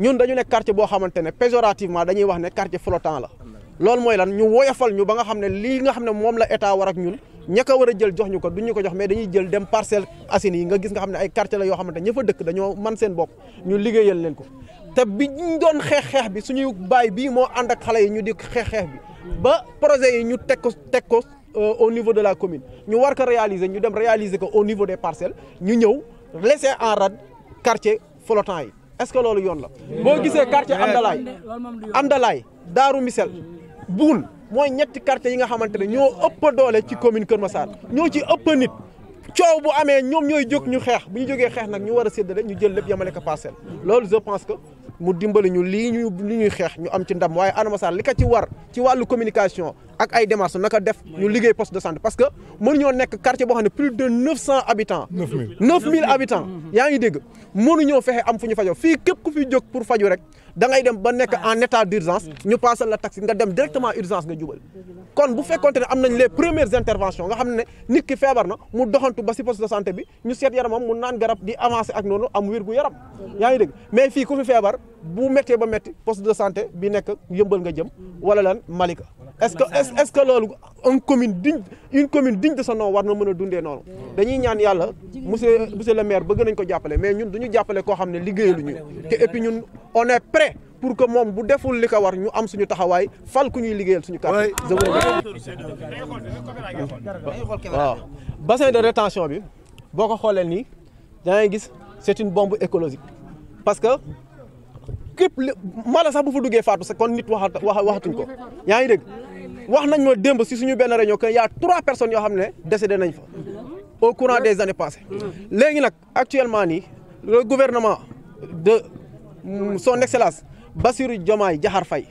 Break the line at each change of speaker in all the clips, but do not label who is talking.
ñun dañu ne quartier boo xamante ne péjorativement dañuy wax ne quartier flottant la loolu mooy lan ñu woyofal ñu ba nga xam ne lii nga xam ne moom la état war ak ñun ña ko war a jël jox ñu ko du ñu ko jox mais dañuy jël dem Parcelles Assainies yi nga gis nga xam ne ay quartier la yoo xamante ña fa dëkk dañoo man seen bopp ñu liggéeyal leen ko te bi ñu doon xeex xeex bi suñuy baay bi moo ànd ak xale yi ñu di xeex xeex bi ba projet yi ñu teg ko teg ko euh, au niveau de la commune ñu war ko réaliser ñu dem réaliser ko au niveau des parcelles ñu ñëw laisser en rade quartier flottant yi est-ce que loolu yoon la boo gisee quartier am Amdalaay Daaru Misel Buun mooy ñetti quartier yi nga xamante ne ñoo ëpp doole ci commune Kër Massar ñoo ci ëpp nit coow bu amee ñoom ñooy jóg ñu xeex bu ñu jógee xeex nag ñu war a séddale ñu jël lépp yemale ko loolu je pense que mu dimbali ñu lii ñu li ñuy xeex ñu am ci ndam waaye Anam Sarr li ka ci war ci wàllu communication ak ay démarches naka def ñu liggéey poste de santé parce que mënuñoo nekk quartier boo xam ne plus de neuf cent habitants. neuf mille neuf mille habitants. yaa ngi dégg mënuñoo fexe am fu ñu fajoo fii képp ku fi jog pour faju rek. da ngay dem ba nekk en état d'urgence mm. ñu passal la taxi nga dem directement urgence nga jubal kon bu fekkonte ne am nañ les premières interventions nga xam ne nit ki feebar na mu doxantu ba si poste de santé bi ñu seet yaramam mu naan garab di avancer ak noonu am wér gu yaram mm-hmm. yaa ngi dégg mais fii ku fi feebar bu méttee ba métti poste de santé bi nekk yëmbal nga jëm mm-hmm. wala lan Malika est-ce que est-ce que loolu une commune digne une commune digne de son nom war na mën a dundee noonu hmm. dañuy ñaan yàlla monsieur monsieur le maire bëgg nañ ko jàppale mais ñun duñu jàppale koo xam ne liggéeyaluñu te et puis ñun on est prêt pour que moom bu deful li ko war ñu am suñu taxawaay fal ku ñuy liggéeyal suñu kàddu waaw bassin de rétention bi boo ko xoolee nii da ngay gis c'est une bombe écologique parce que képp mala sax bu fa duggee faatu sa kon nit waxat waxatuñ ko yaa ngi dégg wax nañ ma démb si suñu benn réunion que y' yaa trois personnes yoo xam ne décédé nañ fa au courant des années passées léegi nag actuellement nii le gouvernement de son excellence Bassirou Diomaye Diakhar fay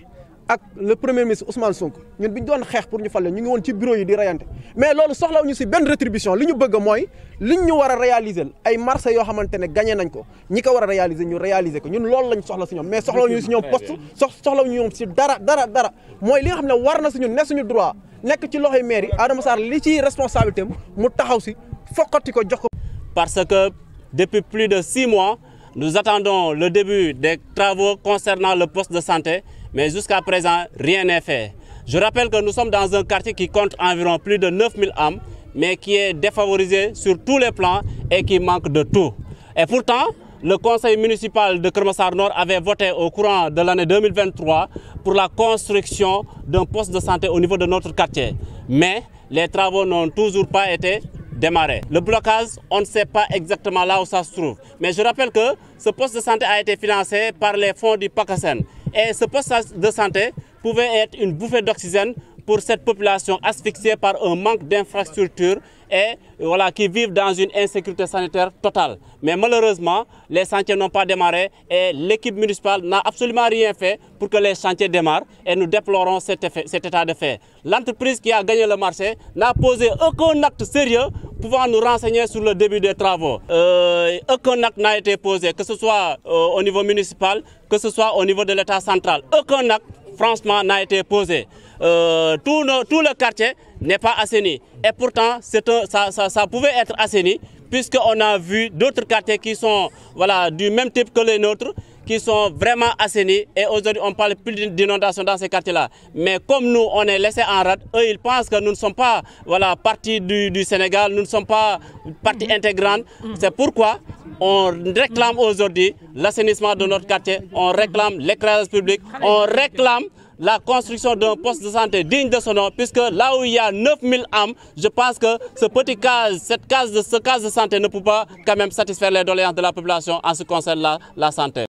ak le premier ministre Ousmane Sonko ñun bi ñu doon xeex pour ñu fal ñu ngi woon ci bureau yi di reyante mais loolu soxlawuñu si benn rétribution li ñu bëgg mooy liñ ñu war a réaliser ay marché yoo xamante ne gagné nañ ko ñi ko war a réaliser ñu réaliser ko ñun loolu lañ soxla si ñoom mais soxlawuñu si ñoom poste soxlawuñu ñoom si dara dara dara mooy li nga xam ne war na si ñun ne suñu
droit nekk ci loxoy maire yi Adama Sarr li ci responsabilité mu taxaw si fokkati ko jox ko. parce que depuis plus de six mois. Nous attendons le le poste de santé, mais jusqu'à présent, rien n'est fait. Je rappelle que nous sommes dans un quartier qui compte plus de 9000 âmes, mais qui est défavorisé sur les plans et qui de tout. Et pourtant, le conseil municipal de Kermassar Nord avait voté au courant de l'année 2023 pour la construction d'un poste de santé au niveau de notre quartier. Mais les travaux n'ont toujours pas été démarrer. Le blocage, on ne sait pas exactement là où ça se trouve. Mais je rappelle que ce poste de santé a été financé par les fonds du PACASEN. Et ce poste de santé pouvait être une bouffée d'oxygène pour cette population asphyxiée par un manque d'infrastructures et voilà, qui vivent dans une insécurité sanitaire totale. Mais malheureusement, les chantiers n'ont pas démarré et l'équipe municipale n'a absolument rien fait pour que les chantiers démarrent et nous déplorons cet, effet, cet état n'a pouvant nous renseigner sur le début des travaux. Euh, aucun acte n'a été posé, que ce soit euh, au niveau municipal, que ce soit au niveau de l'État central. Aucun acte, franchement, n'a été posé. Euh, tout, le, tout, le, quartier n'est pas assaini. Et pourtant, un, ça, ça, ça pouvait être assaini, puisqu'on a vu d'autres quartiers qui sont voilà, du même type que les nôtres, qui sont vraiment assainis. Et aujourd'hui, on parle plus d'inondation dans ces quartiers-là. Mais comme nous, on est laissés en rade, eux, ils pensent que nous ne sommes pas partie du, Sénégal, nous ne sommes pas partie mm-hmm. intégrante. Mm-hmm. C'est pourquoi on réclame mm-hmm. aujourd'hui l'assainissement de notre quartier, on réclame l'éclairage public, on réclame la construction d'un poste de santé digne de son puisque là où il y a 9000 âmes, je pense que ce petit case, de, santé ne